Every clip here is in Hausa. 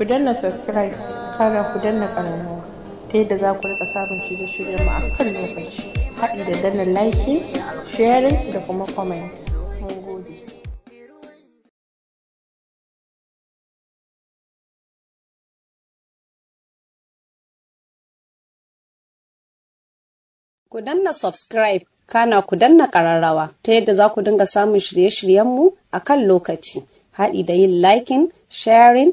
ku danna subscribe kara ku danna ƙararrawa ta yadda za ku rika samun shirye shiryen mu a kan lokaci haɗi da danna like sharing da kuma comment Ku danna subscribe kana ku danna ƙararrawa ta yadda za ku dinga samun shirye-shiryenmu a kan lokaci, haɗi da yin liking, sharing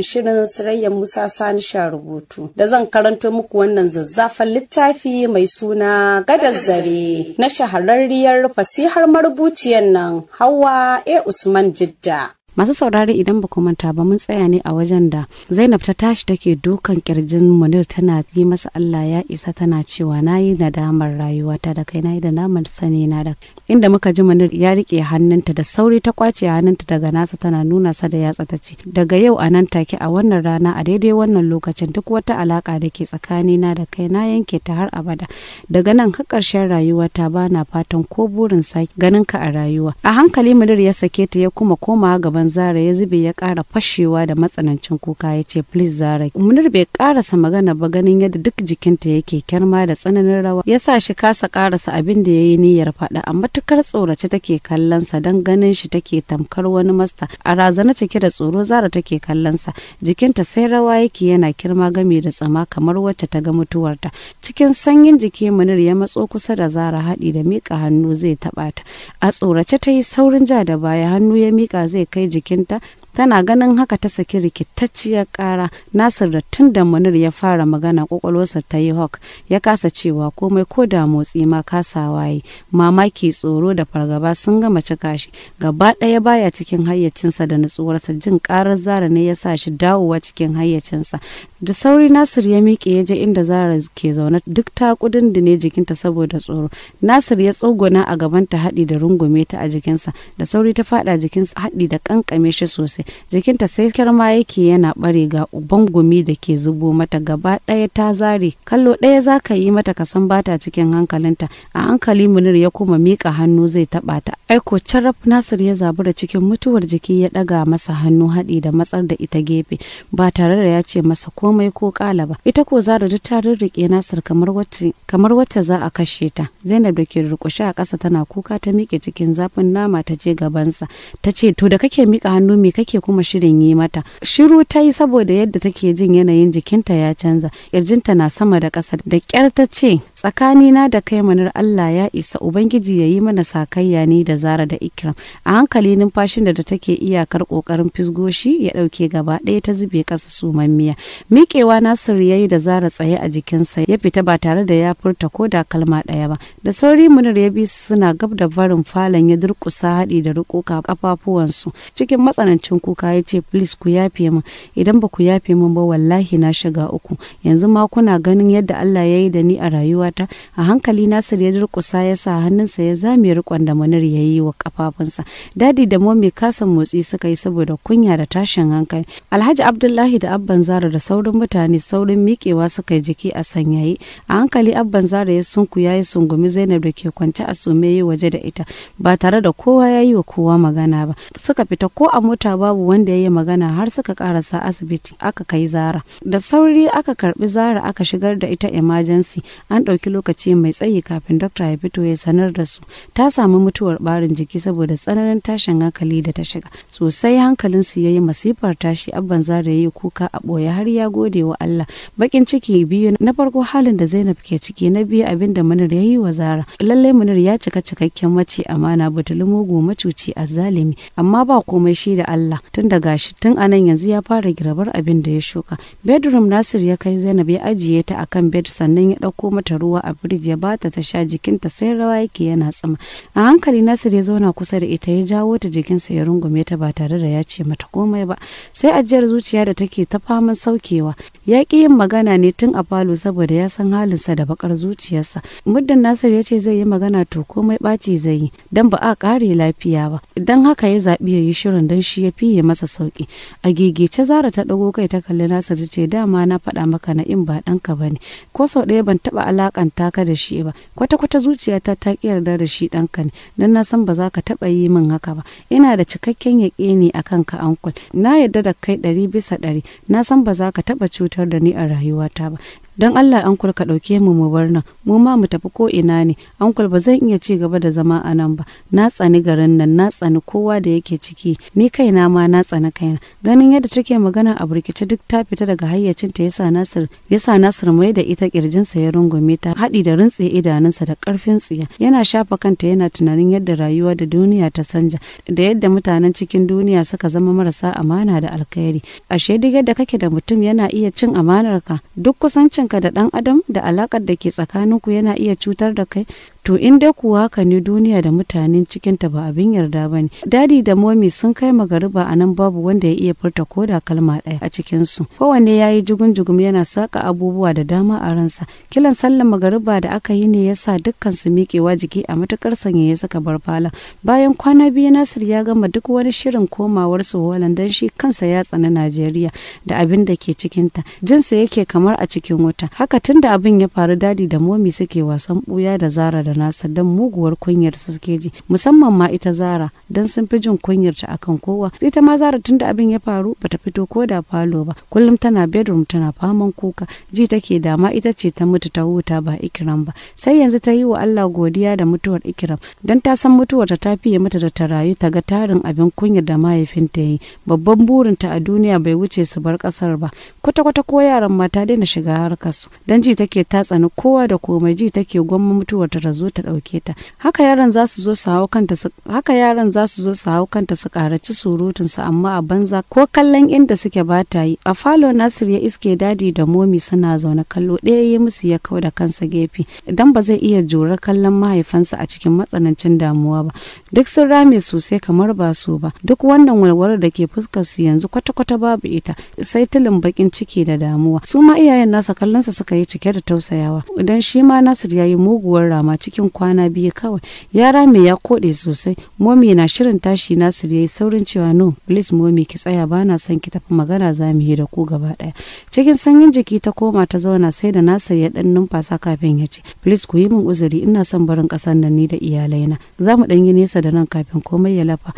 mai shirin Sirayya Musa Sani sha rubutu da zan karanto muku wannan zazzafan littafi mai suna Gadar Zare na shahararriyar fasihar marubuciyar nan Hawa A Usman Jidda. masu saurari idan ba manta ba mun tsaya ne a wajen da zainab ta tashi take dukan kirjin munir tana yi masa allah ya isa tana cewa na yi nadamar rayuwata da kai na yi namar sani na da inda muka ji munir ya rike hannunta da sauri ta kwace hannunta daga nasa tana nuna sa da yatsa ta ce daga yau a nan take a wannan rana a daidai wannan lokacin duk wata alaka da ke tsakanina da kai na yanke ta har abada daga nan har ƙarshen rayuwata ba na fatan ko burin sake ganin ka a rayuwa a hankali munir ya sake ta ya kuma koma gaban shugaban Zara ya zube ya kara fashewa da matsanancin kuka ya ce please Zara. Munir bai karasa magana ba ganin yadda duk jikinta yake kyarma da tsananin rawa ya sa shi kasa karasa abin da ya yi niyyar faɗa a matukar tsorace take kallonsa don ganin shi take tamkar wani masta a razana cike da tsoro Zara take kallonsa jikinta sai rawa yake yana kirma game da tsama kamar wacce ta ga mutuwarta cikin sanyin jiki Munir ya matso kusa da Zara haɗi da miƙa hannu zai taɓa ta a tsorace ta yi saurin ja da baya hannu ya miƙa zai kai Quinta... tana ganin haka ta saki rikitacciyar ƙara nasir da tun da munir ya fara magana kwakwalwarsa ta yi hawk ya kasa cewa komai ko da motsi ma kasawa waye. mamaki tsoro da fargaba sun gama cika shi gaba ɗaya baya cikin hayyacinsa da nutsuwarsa jin karar zara ne ya sa shi dawowa cikin hayyacinsa da sauri nasir ya miƙe ya je inda zara ke zaune duk ta kudin ne jikinta saboda tsoro nasir ya tsogona a gabanta haɗi da rungume ta a jikinsa da sauri ta faɗa jikinsa haɗi da ƙanƙame shi sosai sosai jikinta sai kirma yake yana bare ga uban gumi da ke zubo mata gaba ɗaya ta zare kallo ɗaya za ka yi mata ka kasan bata cikin hankalinta a hankali munir ya koma miƙa hannu zai taɓa ta aiko caraf nasir ya da cikin mutuwar jiki ya ɗaga masa hannu haɗi da matsar da ita gefe ba tare da ya ce masa komai ko ƙala ba ita ko zara duk ta rirriƙe nasir kamar wacce kamar wacce za a kashe ta zainab da ke rukushe a ƙasa tana kuka ta miƙe cikin zafin nama ta je gabansa ta ce to da kake miƙa hannu me kake take kuma shirin yi mata shiru ta yi saboda yadda take jin yanayin jikinta ya canza kirjinta na sama da ƙasa da ƙyar ta ce tsakanina da kai manar Allah ya isa ubangiji ya yi mana sakayya ni da zara da ikram a hankali numfashin da take iyakar ƙoƙarin fisgoshi ya ɗauke gaba ɗaya ta zube ƙasa sumammiya miƙewa Nasir ya yi da zara tsaye a jikinsa ya fita ba tare da ya furta ko da kalma ɗaya ba da sauri munar ya bi suna gab da barin falon ya durƙusa haɗi da riƙo kafafuwansu cikin matsanancin kuka ya ce please ku yafe min idan ba ku yafe min ba wallahi na shiga uku yanzu ma kuna ganin yadda Allah ya yi da ni a rayuwata a hankali Nasir ya durƙusa ya sa hannunsa ya zame riƙon da Munir ya yi wa kafafunsa dadi da momi kasan motsi suka yi saboda kunya da tashin hankali Alhaji Abdullahi da Abban Zara da saurin mutane saurin miƙewa suka jiki a sanyaye a hankali Abban Zara ya sunku ya yi sungumi Zainab da ke kwance a sume waje da ita ba tare da kowa ya yi wa kowa magana ba suka fita ko a mota ba babu wanda ya yi magana har suka karasa asibiti aka kai zara da sauri aka karbi zara aka shigar da ita emergency an ɗauki lokaci mai tsayi kafin dokta ya fito ya sanar da su ta samu mutuwar barin jiki saboda tsananin tashin hankali da ta shiga sosai hankalin ya yi masifar tashi abban zara yayi kuka a ɓoye har ya gode wa Allah bakin ciki biyu na farko halin da Zainab ke ciki na biyu abin da Munir ya wa Zara lalle Munir ya cika cikakken mace amana butulu mugu macuci a zalimi amma ba komai shi da Allah tun da gashi tun anan yanzu ya fara girabar abin da ya shuka bedroom nasir ya kai zainab ya ajiye ta kan bed sannan ya ɗauko mata ruwa a firij ya bata ta sha jikinta sai rawa yake yana tsama a hankali nasir ya zauna kusa da ita ya jawo ta jikinsa ya rungume ta ba tare da ya ce mata komai ba sai ajiyar zuciya da take ta faman saukewa ya ƙi yin magana ne tun a falo saboda ya san halinsa da bakar zuciyarsa muddin nasir ya ce zai yi magana to komai ɓaci zai yi don ba a ƙare lafiya ba Idan haka ya zaɓi ya yi shirin don shi ya fi yi ya masa sauki a gigice zara ta ɗago kai ta kalli nasir ta ce dama na faɗa maka na in ba ɗanka ba ne ko sau ɗaya ban taɓa alakanta ka da shi ba kwata kwata zuciyata ta ƙi yarda da shi ɗanka ne dan na san ba za ka taɓa yi min haka ba ina da cikakken ne a ka ankul na yarda da kai ɗari bisa ɗari na san ba za ka taɓa cutar da ni a rayuwata ba don Allah ankul ka ɗauke mu mu bar nan mu ma mu tafi ko ina ne ankul ba zan iya ci gaba da zama a nan ba na tsani garin nan na tsani kowa da yake ciki ni kaina ma na tsani kaina ganin yadda take magana a burkice duk ta fita daga hayyacin ta yasa Nasir yasa Nasir mai da ita kirjin sa ya rungume ta haɗi da rintse idanunsa da ƙarfin tsiya yana shafa kanta yana tunanin yadda rayuwa da duniya ta sanja da yadda mutanen cikin duniya suka zama marasa amana da alkhairi ashe duk yadda kake da mutum yana iya cin amanar ka? duk kusancin tsakaninka da ɗan adam da alaƙar da ke tsakaninku yana iya cutar da kai to in dai kuwa haka ne duniya da mutanen cikinta ba abin yarda ba ne dadi da momi sun kai magariba a nan babu wanda ya iya furta ko da kalma ɗaya a cikinsu kowanne ya yi jugun-jugum yana saka abubuwa da dama a ransa kilan sallan magariba da aka yi ne ya sa dukkan su miƙewa jiki a matukar sanya ya saka barfala bayan kwana biyu nasir ya gama duk wani shirin komawar su holan shi kansa ya tsana najeriya da abin da ke cikinta jinsa yake kamar a cikin wuta haka tunda abin ya faru dadi da momi suke wasan buya da zara da da nasa don muguwar kunyar su suke ji musamman ma ita zara don sun fi jin kunyar ta akan kowa sai ta ma zara tunda abin ya faru bata fito ko da falo ba kullum tana bedroom tana faman kuka ji take dama ita ce ta mutu ta huta ba ikiram ba sai yanzu ta yi wa Allah godiya da mutuwar ikiram don ta san mutuwar ta ta fiye mata da ta rayu ta ga tarin abin kunyar da mahaifinta yi babban burin ta a duniya bai wuce su bar kasar ba kwata-kwata ko yaran mata daina shiga harkar su don ji take ta tsani kowa da komai ji take gwamma mutuwar ta zo zo ta ɗauke ta haka yaran za su zo su hau kanta su haka yaran za su zo su kanta su karaci surutun amma a banza ko kallon inda suke ba ta yi a falo Nasir ya iske dadi da momi suna zaune kallo ɗaya ya musu ya kau da kansa gefe idan ba zai iya jura kallon mahaifansa a cikin matsanancin damuwa ba duk sun rame sosai kamar ba su ba duk wannan walwalar da ke fuskar su yanzu kwata-kwata babu ita sai tilin bakin ciki da damuwa su ma iyayen nasa kallonsa suka yi cike da tausayawa idan shi ma Nasir ya yi muguwar rama ciki cikin kwana biyu kawai yara mai ya koɗe sosai momi na shirin tashi nasir yayi saurin cewa no please momi ki tsaya ba na son ki tafi magana za mu yi da ku gaba ɗaya cikin sanyin jiki ta koma ta zauna sai da nasir ya ɗan numfasa kafin ya ce please ku yi min uzuri ina son barin ƙasar nan ni da iyalaina za mu ɗan yi nesa da nan kafin komai ya lafa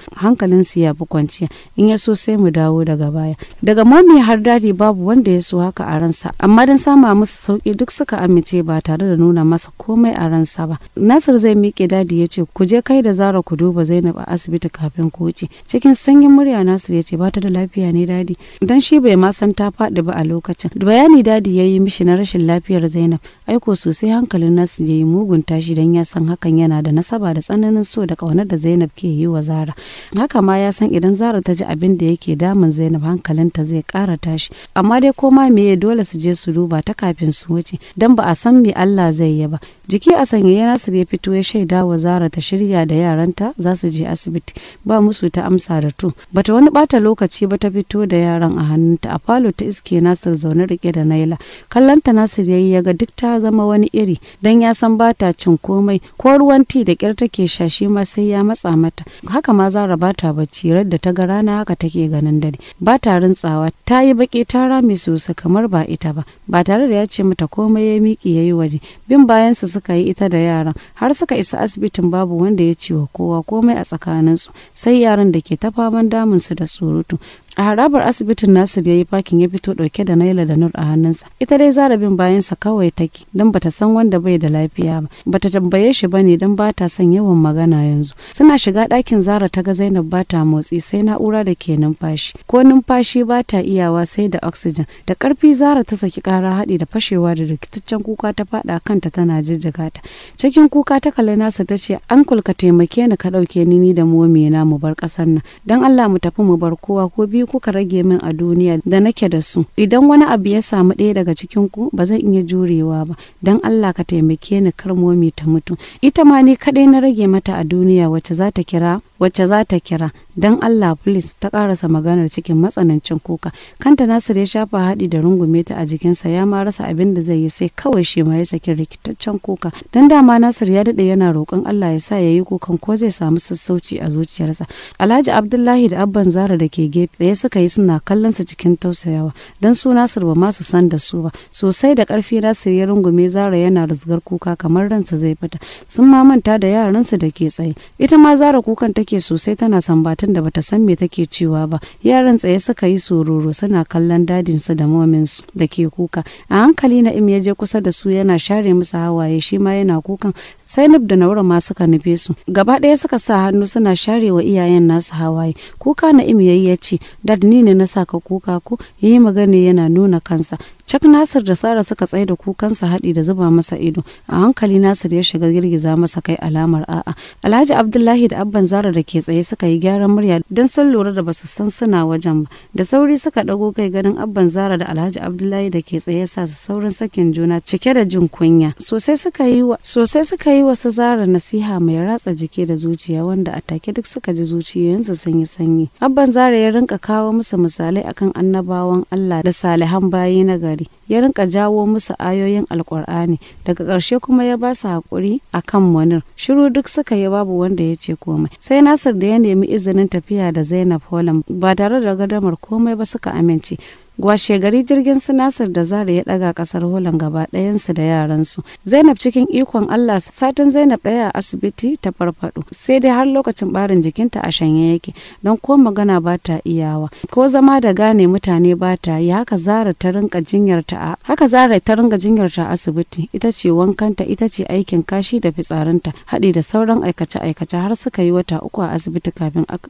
su ya fi kwanciya in ya so sai mu dawo daga baya daga momi har dadi babu wanda ya so haka a ransa amma don sama musu sauki duk suka amince ba tare da nuna masa komai a ransa ba nasir zai miƙe dadi ya ce ku je kai da zara ku duba zainab a asibiti kafin ku wuce cikin sanyin murya nasir ya ce ba ta da lafiya ne dadi dan shi bai ma san ta faɗi ba a lokacin bayani dadi ya yi mishi na rashin lafiyar zainab aiko sosai hankalin nasir ya yi mugun tashi dan ya san hakan yana da nasaba da tsananin so da ƙaunar da zainab ke yi wa zara haka ma ya san idan zara ta ji abin da yake damun zainab hankalinta zai ƙara tashi amma dai ko ma meye dole su je su duba ta kafin su wuce dan ba a san me Allah zai yi ba jiki a sanye yana Nasir ya fito ya shaida wa Zara ta shirya da yaranta za su je asibiti ba musu ta amsa da to bata wani bata lokaci ba ta fito da yaran a hannunta a falo ta iske Nasir zaune rike da Naila kallanta Nasir yayi yaga duk ta zama wani iri dan ya san bata cin komai ko ruwan ti da kyar take sha shi ma sai ya matsa mata haka ma Zara bata bacci da ta ga rana haka take ganin dare bata rintsawa ta yi baki ta rame sosai kamar ba ita ba ba tare da ya ce mata komai ya ya yi waje bin bayansa suka yi ita da yara yaran har suka isa asibitin babu wanda ya ciwa kowa komai a tsakaninsu sai yaran da ke ta faman damun su da surutu a harabar asibitin nasir ya yi fakin ya fito dauke da naila da nur a hannunsa ita dai zarabin bayansa kawai take don bata san wanda bai da lafiya ba bata tambaye shi ba ne don bata son yawan magana yanzu suna shiga ɗakin zara ta ga zainab bata motsi sai na'ura da ke numfashi ko numfashi bata iyawa sai da oxygen da karfi zara ta saki kara haɗi da fashewa da rikitaccen kuka ta faɗa kanta tana jijjiga ta cikin kuka ta kalli nasa ta ce an kulka taimake ni ka ɗauke ni ni da momi mu bar ƙasar nan don allah mu tafi mu bar kowa ko biyu kuka rage min a duniya da nake da su idan wani abu ya samu ɗaya daga cikin ku ba zan iya jurewa ba dan Allah ka taimake ni kar ta mutu ita ma ni kaɗai na rage mata a duniya wacce za ta kira wacce za ta kira don allah please ta karasa maganar cikin matsanancin kuka kanta nasir ya shafa haɗi da rungume ta a jikinsa ya ma rasa abin da zai yi sai kawai shi ma ya saki rikitaccen kuka don dama nasir ya daɗe yana roƙon allah ya sa ya yi kukan ko zai samu sassauci a zuciyarsa alhaji abdullahi da abban zara da ke gefe tsaye suka yi suna kallon su cikin tausayawa don su nasir ba ma su san da su ba sosai da ƙarfi nasir ya rungume zara yana rizgar kuka kamar ransa zai fita sun ma manta da yaransu da ke tsaye ita ma zara kukan take take sosai tana sambatun da bata san me take cewa ba yaran tsaye suka yi sororo suna kallon dadin su da momin su da ke kuka a hankali na im ya je kusa da su yana share musu hawaye shi ma yana kukan nub da Naura ma suka nufe su. Gaba ɗaya suka sa hannu suna sharewa iyayen nasu hawaye. Kuka na yayi ya ce, "Dad ni ne na saka kuka ko?" Yayi magana yana nuna kansa. Cak Nasir da Sara suka tsai da kukansa haɗi da zuba masa ido. A hankali Nasir ya shiga girgiza masa kai alamar a'a. Alhaji Abdullahi da Abban Zara da ke tsaye suka yi gyaran murya don sun lura da basu san suna wajen ba. Da sauri suka ɗago kai ganin Abban Zara da Alhaji Abdullahi da ke tsaye sa su saurin sakin juna cike da jin kunya. Sosai suka sosai suka yi yi wasu zara nasiha mai ratsa jiki da zuciya wanda a take duk suka ji zuciyoyinsu sun yi sanyi abban zara ya rinka kawo musu misalai akan annabawan allah da salihan bayi na gari ya rinka jawo musu ayoyin alkur'ani daga ƙarshe kuma ya ba su haƙuri a kan munir shiru duk suka yi babu wanda ya ce komai sai nasir da ya nemi izinin tafiya da zainab holland ba tare da gadamar komai ba suka amince washe gari jirgin su nasir da zara ya daga kasar holan gaba ɗayansu da yaransu zainab cikin ikon allah satin zainab ɗaya a asibiti ta farfado sai dai har lokacin barin jikinta a shanye yake don ko magana ba ta iyawa ko zama da gane mutane ba ta yi haka zara ta rinka jinyarta a haka zara ta rinka jinyarta a asibiti ita ce wankanta ita ce aikin kashi da fitsarinta haɗi da sauran aikace-aikace har suka yi wata uku a asibiti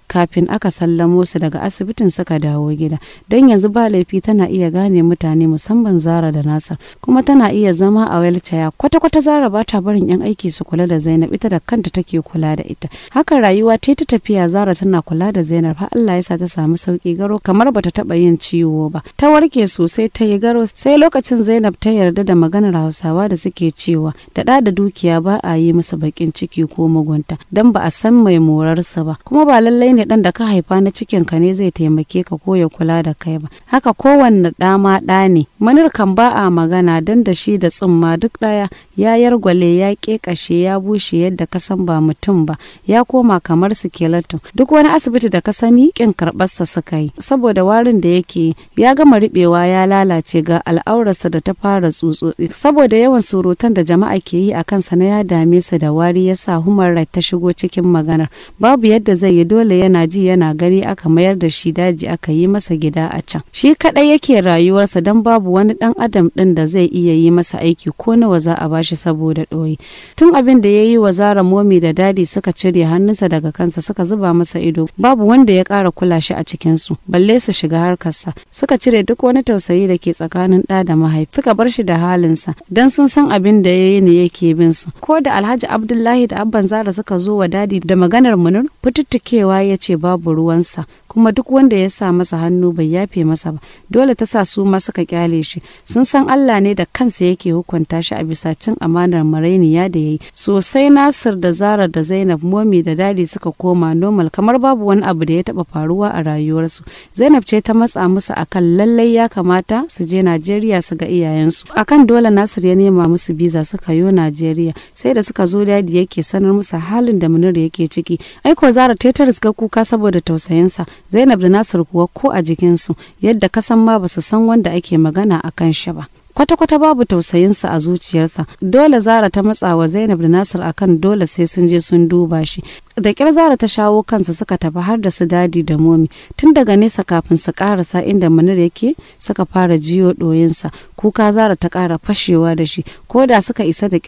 kafin aka sallamo su daga asibitin suka dawo gida don yanzu ba laifi tallafi tana iya gane mutane musamman zara da nasar kuma tana iya zama a welchaya kwata-kwata zara ba ta barin yan aiki su kula da zainab ita da kanta take kula da ita haka rayuwa ta ta tafiya zara tana kula da zainab har allah ya sa ta samu sauki garo kamar bata taba yin ciwo ba ta warke sosai ta yi garo sai lokacin zainab ta yarda da maganar hausawa da suke cewa da ɗa da dukiya ba a yi musu bakin ciki ko mugunta dan ba a san mai morarsa ba kuma ba lallai ne dan da ka haifa na cikin ka ne zai taimake ka ko ya kula da kai ba haka kowanne ɗa ma ɗa ne manir kan ba a magana don da shi da tsumma duk ɗaya ya yargwale ya ƙeƙashe ya bushe yadda ka san ba mutum ba ya koma kamar sikeleton duk wani asibiti da ka sani ƙin karɓarsa suka yi saboda warin da yake ya gama riɓewa ya lalace ga al'aurarsa da ta fara tsutsotsi saboda yawan surutan da jama'a ke yi a kansa na ya dame su da wari ya sa human right ta shigo cikin maganar babu yadda zai yi dole yana ji yana gari aka mayar da shi daji aka yi masa gida a can shi kaɗai yake rayuwarsa don babu wani ɗan adam ɗin da zai iya yi masa aiki ko nawa za a bashi saboda ɗoyi tun abin da ya yi wa zara momi da dadi suka cire hannunsa daga kansa suka zuba masa ido babu wanda ya ƙara kula shi a cikinsu balle su shiga harkarsa suka cire duk wani tausayi da ke tsakanin ɗa da mahaifi suka bar shi da halinsa don sun san abin da ya yi ne yake bin su ko da alhaji abdullahi da abban zara suka zo wa dadi da maganar munir fututtukewa ya ce babu ruwansa kuma duk wanda ya sa masa hannu bai yafe masa ba dole ta sa su ma suka kyale shi sun san Allah ne da kansa yake hukunta shi a bisa cin amanar marainiya da yayi sosai Nasir da Zara da Zainab Momi da Dadi suka koma normal kamar babu wani abu da ya taba faruwa a rayuwarsu Zainab ce ta matsa musu akan lallai ya kamata su je Najeriya su ga iyayensu akan dole Nasir ya nema musu biza suka yo Najeriya sai da suka zo Dadi yake sanar musu halin da Munir yake ciki aiko Zara ta ta riska kuka saboda tausayinsa zainab da nasiru kuwa ko a jikinsu yadda kasan ma ba basu san wanda ake magana a kan shi ba kwata-kwata babu tausayinsa a zuciyarsa dole zara ta matsa wa zainab da nasir akan dole sai sun je sun duba shi da kyar zara ta shawo kansa suka tafi har da su dadi da momi tun daga nesa kafin su karasa inda munir yake suka fara jiyo doyinsa kuka zara ta kara fashewa da shi ko da suka isa da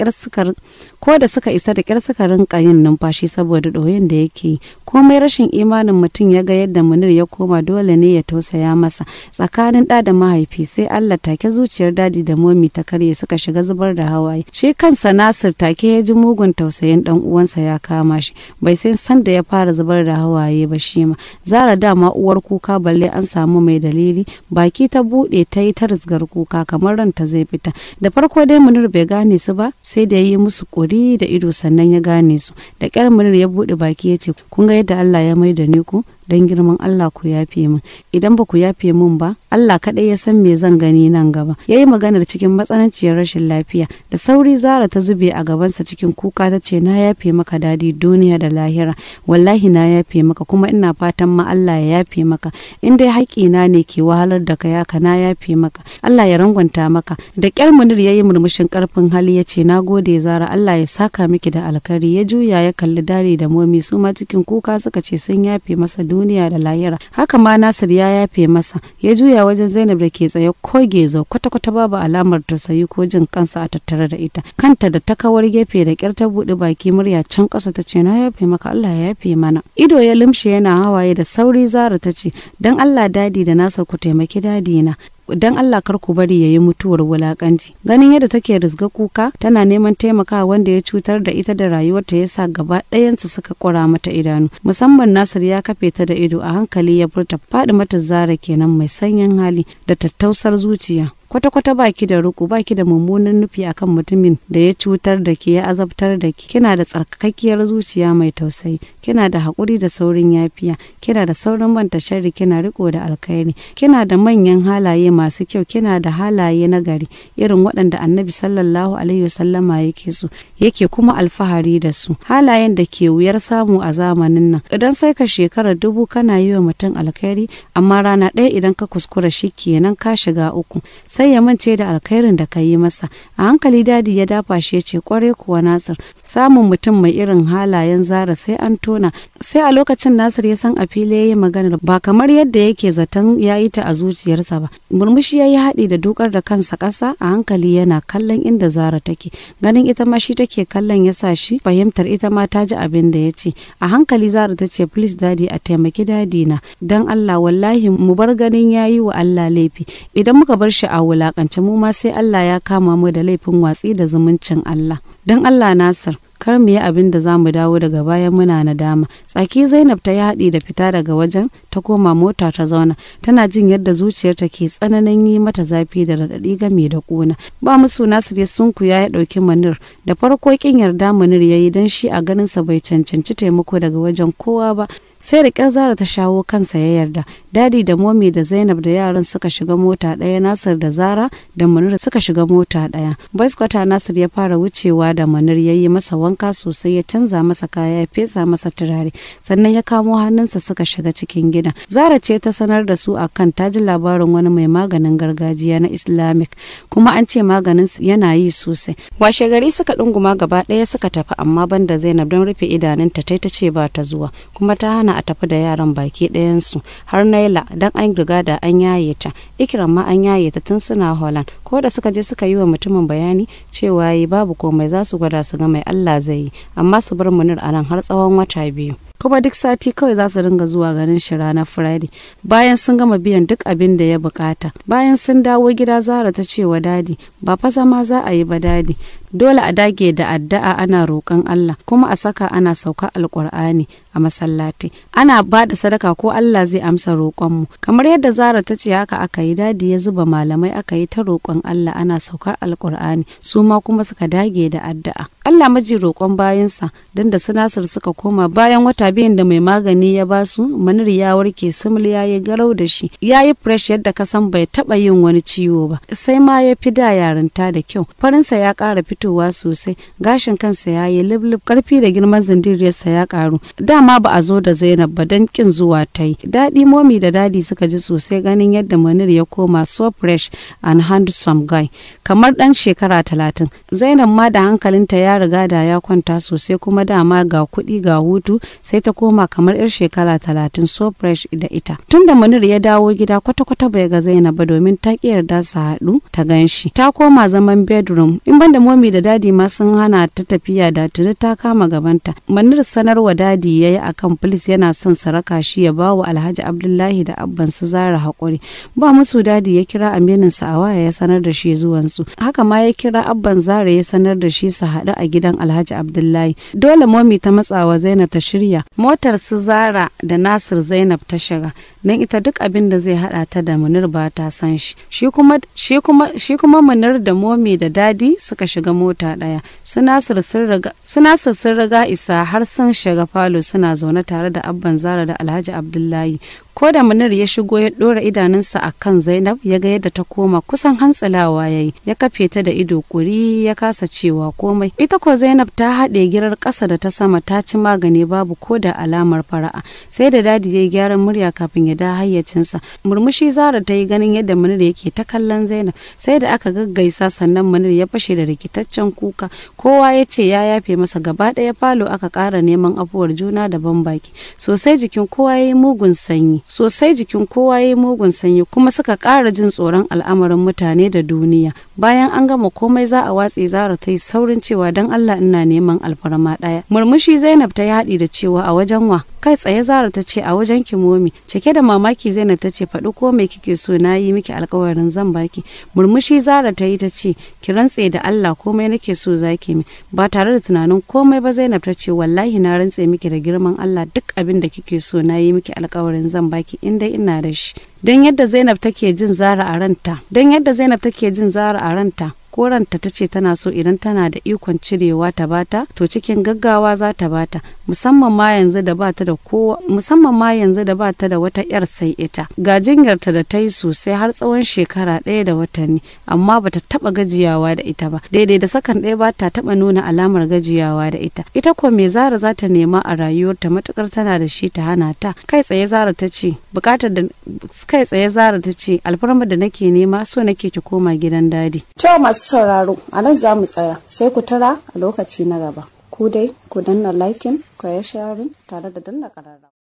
kyar suka rinka yin numfashi saboda ɗoyin da yake yi komai rashin imanin mutum ya ga yadda munir ya koma dole ne ya tausaya masa tsakanin ɗa da mahaifi sai allah take zuciyar dadi daɗi da momi ta karye suka shiga zubar da hawaye shi kansa nasir take ya ji mugun tausayin ɗan uwansa ya kama shi bai san sanda ya fara zubar da hawaye ba shi ma zara dama uwar kuka balle an samu mai dalili baki ta buɗe ta yi ta rizgar kuka kamar ranta zai fita da farko dai munir bai gane su ba sai da ya yi musu kuri da ido sannan ya gane su da kyar munir ya buɗe baki ya ce kun ga yadda allah ya mai da ni ku don girman Allah ku yafe min idan ba ku yafe min ba Allah kaɗai ya san me zan gani nan gaba ya yi maganar cikin matsananciyar rashin lafiya da sauri zara ta zube a gabansa cikin kuka ta ce na yafe maka dadi duniya da lahira wallahi na yafe maka kuma ina fatan ma Allah ya yafe maka in dai na ne ke wahalar da ka yaka na yafe maka Allah ya rangwanta maka da kyar munir ya yi murmushin karfin hali ya ce na gode zara Allah ya saka miki da alkari ya juya ya kalli dare da momi su ma cikin kuka suka ce sun yafe masa duniya duniya da Layira, haka ma nasir ya yafe masa ya juya wajen zainab da ke tsaye ko gezo kwata-kwata babu alamar tausayi ko jin kansa a tattare da ita kanta da takawar gefe da kyar ta buɗe baki murya can ƙasa ta ce na yafe maka allah ya yafe mana ido ya limshe yana hawaye da sauri zara ta ce don allah dadi da nasir ku taimaki dadi na don Allah kar ku bari yayi mutuwar wulakanci ganin yadda take risga kuka tana neman taimaka wanda ya cutar da ita da rayuwarta yasa gaba ɗayansu suka kura mata idanu musamman Nasir ya kafe ta da ido a hankali ya furta faɗi mata zara kenan mai sanyin hali da tattausar zuciya kwata-kwata baki da ruku baki da mummunan nufi akan mutumin da ya cutar da ke ya azabtar da ke kina da tsarkakakkiyar zuciya mai tausayi kina da haƙuri da saurin yafiya kina da saurin manta sharri kina riko da alkhairi kina da manyan halaye masu kyau kina da halaye na gari irin waɗanda annabi sallallahu alaihi wasallama yake su yake kuma alfahari da su halayen da ke wuyar samu a zamanin nan idan sai ka shekara dubu kana yi wa mutum alkhairi amma rana ɗaya idan ka kuskura shi kenan ka shiga uku sai sai ya mance da alkhairin da ka yi masa a hankali dadi ya dafa shi ya ce kwarai kuwa nasir samun mutum mai irin halayen zara sai an tona sai a lokacin nasir ya san a fili ya yi maganar ba kamar yadda yake zaton ya yi ta a zuciyarsa ba murmushi ya yi haɗi da dukar da kansa ƙasa a hankali yana kallon inda zara take ganin ita ma shi take kallon ya sa shi fahimtar ita ma ta ji abin da ya ce a hankali zara ta ce please dadi a taimaki dadi na dan allah wallahi mu bar ganin ya yi wa allah laifi idan muka bar shi a wulakance mu ma sai allah ya kama mu da laifin watsi da zumuncin allah don allah nasir kar mu yi abin da za mu dawo daga bayan muna na dama. tsaki zainab ta yaɗi da fita daga wajen ta koma mota ta zauna tana jin yadda zuciyarta ke tsananin yi mata zafi da raɗaɗi game da ƙuna ba musu nasir ya sunku ya yi ɗauki manir da farko kin yarda manir ya yi don shi a ganinsa bai cancanci taimako daga wajen kowa ba sai da kyar zara ta shawo kansa ya yarda dadi da momi da zainab da yaran suka shiga mota ɗaya nasir da zara da manir suka shiga mota ɗaya baskwata nasir ya fara wucewa da manir ya yi masa wanka sosai ya canza masa kaya ya fesa masa turare sannan ya kamo hannunsa suka shiga cikin gida. zara ce ta sanar da su akan ta ji labarin wani mai maganin gargajiya na islamic kuma an ce maganin yana yi sosai washe gari suka dunguma gaba ɗaya suka tafi amma banda zainab don rufe idanunta tai ta ce ba ta zuwa kuma ta hana a tafi da yaran baki ɗayansu har naila don an riga da an yaye ta ikiran ma an yaye ta tun suna holland ko da suka je suka yi wa mutumin bayani cewa yi babu komai za su gwada su ga mai allah zai yi amma su bar munir a nan har tsawon wata biyu kuma duk sati kawai za su ringa zuwa garin shi ranar friday bayan sun gama biyan duk abin da ya bukata bayan sun dawo gida zara ta ce wa dadi ba fa zama za a yi ba dadi dole a dage da addu'a ana roƙon Allah kuma a saka ana sauka alƙur'ani a masallati ana ba da sadaka ko Allah zai amsa roƙonmu kamar yadda Zara ta ce haka aka yi dadi ya zuba malamai aka yi ta roƙon Allah ana saukar alƙur'ani su ma kuma suka dage da addu'a Allah maji roƙon bayansa don da su suka koma bayan wata tabiyan da mai magani ya ba su manir ya warke simil ya yi garau da shi ya yi fresh yadda kasan bai taba yin wani ciwo ba sai ma ya fi da yarinta da kyau farinsa ya ƙara fitowa sosai gashin kansa ya yi liblib karfi da girman zindiriyarsa ya ƙaru dama ba a zo da zainab ba don kin zuwa ta yi daɗi momi da dadi suka ji sosai ganin yadda manir ya koma so fresh and handsome guy kamar ɗan shekara talatin zainab ma da hankalinta ya riga da ya kwanta sosai kuma dama ga kuɗi ga hutu sai ta koma kamar 'yar shekara talatin so fresh da ita tun da manir ya dawo gida kwata-kwata bai ga zainab ba domin ta ki yarda su haɗu ta ganshi. ta koma zaman bedroom in banda momi da dadi ma sun hana ta tafiya da tuni ta kama gabanta munir sanarwa dadi ya yi akan filis yana son saraka shi ya bawa alhaji abdullahi da abban su zara haƙuri ba musu dadi ya kira aminin sa a waya ya sanar da shi zuwansu haka ma ya kira abban zara ya sanar da shi su haɗu a gidan alhaji abdullahi dole momi ta matsawa zainab ta shirya motar su zara da nasir zainab ta shiga nan ita duk abin da zai hada ta da munir ba ta san shi shi kuma munir da momi da dadi suka shiga mota daya su nasir sun riga isa har sun shiga falo suna zaune tare da abban zara da alhaji abdullahi ko da munir ya shigo ya ɗora idanunsa a kan zainab ya ga yadda ta koma kusan hantsalawa ya yi ya kafe ta da ido kuri ya kasa cewa komai ita ko zainab ta haɗe girar ƙasa da ta sama ta ci magani babu ko da alamar fara'a sai da dadi ya gyaran murya kafin ya da hayyacinsa murmushi zara ta yi ganin yadda munir yake ta kallon zainab sai da aka gaggaisa sannan munir ya fashe da rikitaccen kuka kowa ya ce ya yafe masa gaba ɗaya falo aka ƙara neman abuwar juna da ban baki sosai jikin kowa ya yi mugun sanyi sosai jikin kowa ya yi mugun sanyi kuma suka kara jin tsoron al'amarin mutane da duniya bayan an gama komai za a watse zara ta yi saurin cewa don allah ina neman alfarma ɗaya murmushi zainab ta yaɗi da cewa a wajen wa kai tsaye zara ta ce a wajen kimomi cike da mamaki zainab ta ce faɗi ko mai kike so na yi miki alkawarin zan baki murmushi zara ta yi ta ce ki rantse da allah komai nake so zaki mi ba tare da tunanin komai ba zainab ta ce wallahi na rantse miki da girman allah duk abin da kike so na yi miki alkawarin zan baki in dai ina da shi don yadda zainab take jin zara a ranta don yadda zainab take jin zara a ranta koranta ta ce tana so idan tana da ikon cirewa ta bata to cikin gaggawa za ta bata musamman ma yanzu da bata da da wata yar sai ita ga jingarta da ta yi sosai har tsawon shekara ɗaya da watanni amma bata taba gajiyawa da ita ba daidai da sakan ɗaya ba ta taba nuna alamar gajiyawa da ita ita ko me zara za ta nema a rayuwarta matukar tana da shi ta hana ta kai tsaye zara ta ce bukatar da kai tsaye zara ta ce alfarmar da nake nema so nake ki koma gidan dadi thomas. sauraro, a nan za mu tsaya, sai ku tara a lokaci na gaba. Ku dai, ku danna liking, ku yi sharing tare da danna kararra